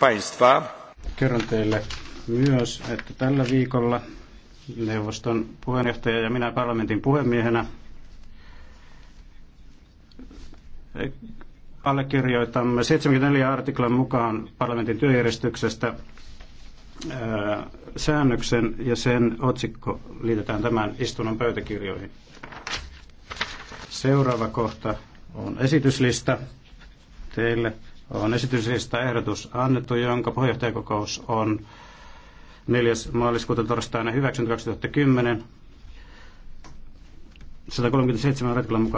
Państwa. Kerron teille myös, että tällä viikolla neuvoston puheenjohtaja ja minä parlamentin puhemiehenä eh, allekirjoitamme 74 artiklan mukaan parlamentin työjärjestyksestä eh, säännöksen ja sen otsikko liitetään tämän istunnon pöytäkirjoihin. Seuraava kohta on esityslista teille on esityslista ehdotus annettu, jonka puheenjohtajakokous on 4. maaliskuuta torstaina hyväksynyt 2010. 137 artiklan mukaan